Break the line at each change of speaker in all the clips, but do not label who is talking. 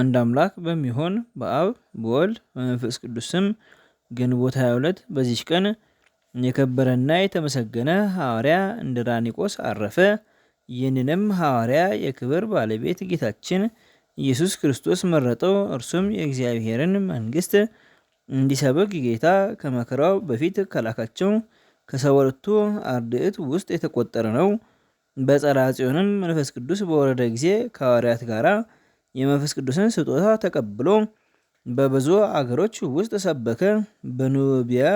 አንድ አምላክ በሚሆን በአብ በወልድ በመንፈስ ቅዱስ ስም ግንቦት 22 በዚች ቀን የከበረና የተመሰገነ ሐዋርያ እንድራኒቆስ አረፈ። ይህንንም ሐዋርያ የክብር ባለቤት ጌታችን ኢየሱስ ክርስቶስ መረጠው። እርሱም የእግዚአብሔርን መንግሥት እንዲሰብክ ጌታ ከመከራው በፊት ከላካቸው ከሰባቱ አርድእት ውስጥ የተቆጠረ ነው። በጸርዐ ጽዮንም መንፈስ ቅዱስ በወረደ ጊዜ ከሐዋርያት ጋር የመንፈስ ቅዱስን ስጦታ ተቀብሎ በብዙ አገሮች ውስጥ ሰበከ። በኑቢያ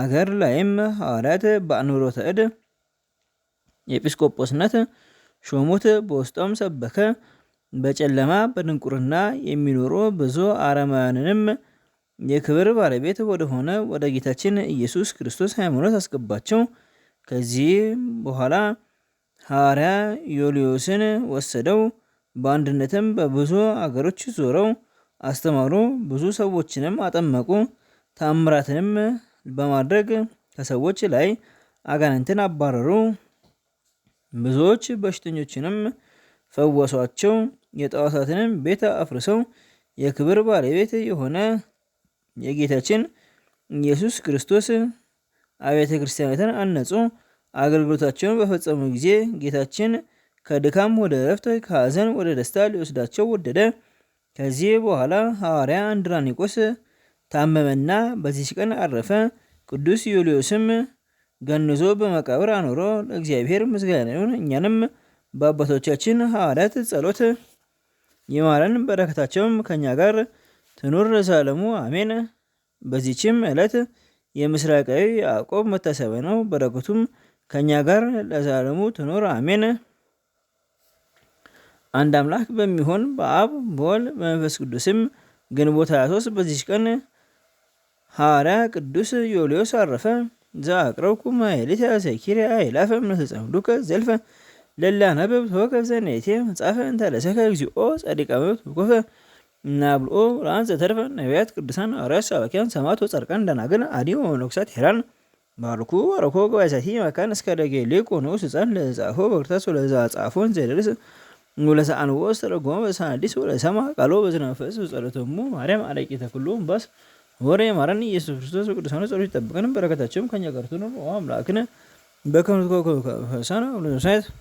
አገር ላይም ሐዋርያት በአንብሮተ እድ ኤጲስቆጶስነት ሾሙት። በውስጧም ሰበከ። በጨለማ በድንቁርና የሚኖሩ ብዙ አረማውያንንም የክብር ባለቤት ወደሆነ ወደ ጌታችን ኢየሱስ ክርስቶስ ሃይማኖት አስገባቸው። ከዚህ በኋላ ሐዋርያ ዮልዮስን ወሰደው። በአንድነትም በብዙ አገሮች ዞረው አስተማሩ። ብዙ ሰዎችንም አጠመቁ። ታምራትንም በማድረግ ከሰዎች ላይ አጋንንትን አባረሩ። ብዙዎች በሽተኞችንም ፈወሷቸው። የጣዖታትንም ቤት አፍርሰው የክብር ባለቤት የሆነ የጌታችን ኢየሱስ ክርስቶስ አብያተ ክርስቲያናትን አነጹ። አገልግሎታቸውን በፈጸሙ ጊዜ ጌታችን ከድካም ወደ እረፍት ከሐዘን ወደ ደስታ ሊወስዳቸው ወደደ። ከዚህ በኋላ ሐዋርያ አንድራኒቆስ ታመመና በዚች ቀን አረፈ። ቅዱስ ዩልዮስም ገንዞ በመቃብር አኖሮ። ለእግዚአብሔር ምስጋና ይሁን፣ እኛንም በአባቶቻችን ሐዋርያት ጸሎት ይማረን፣ በረከታቸውም ከኛ ጋር ትኑር ለዘላለሙ አሜን። በዚችም ዕለት የምስራቃዊ ያዕቆብ መታሰቢያ ነው። በረከቱም ከኛ ጋር ለዘላለሙ ትኑር አሜን። አንድ አምላክ በሚሆን በአብ በወል በመንፈስ ቅዱስም ግንቦት 23 በዚች ቀን ሐዋርያ ቅዱስ ዮልዮስ አረፈ። ዘአቅረብኩ ማኅሌተ አይላፈ አእላፈ ዱከ ዘልፈ ለላ ነበብ ተወከፍ ዘኔቴ መጻፈ እንተለሰከ እግዚኦ ጸዲቀ መብት ተወኮፈ ናብልኦ ብርሃን ዘተርፈ ነቢያት ቅዱሳን አርያስ ሰባኪያን ሰማት ወጻድቃን ደናግል አዲ ወመነኮሳት ሄራን ባርኩ ወረኮ ጓይሳቲ መካን እስከ ደጌሌ ቆኖ ስጻን ለጻፎ በክርታስ ወለዛ ጻፎን ዘደርስ ወለሰአን ወስ ተረጎመ በልሳነ ሐዲስ ወለሰማ ቃሎ በዝናፈስ ጸሎቶሙ ማርያም አለቂ ተክሉ እምባስ ወሬ ማረን ኢየሱስ ክርስቶስ በቅዱሳኑ ጸሎት ይጠብቀን። በረከታቸውም ከኛ ጋር ትኑር። አምላክነ በከመ ትኮኑ ከፋሳነ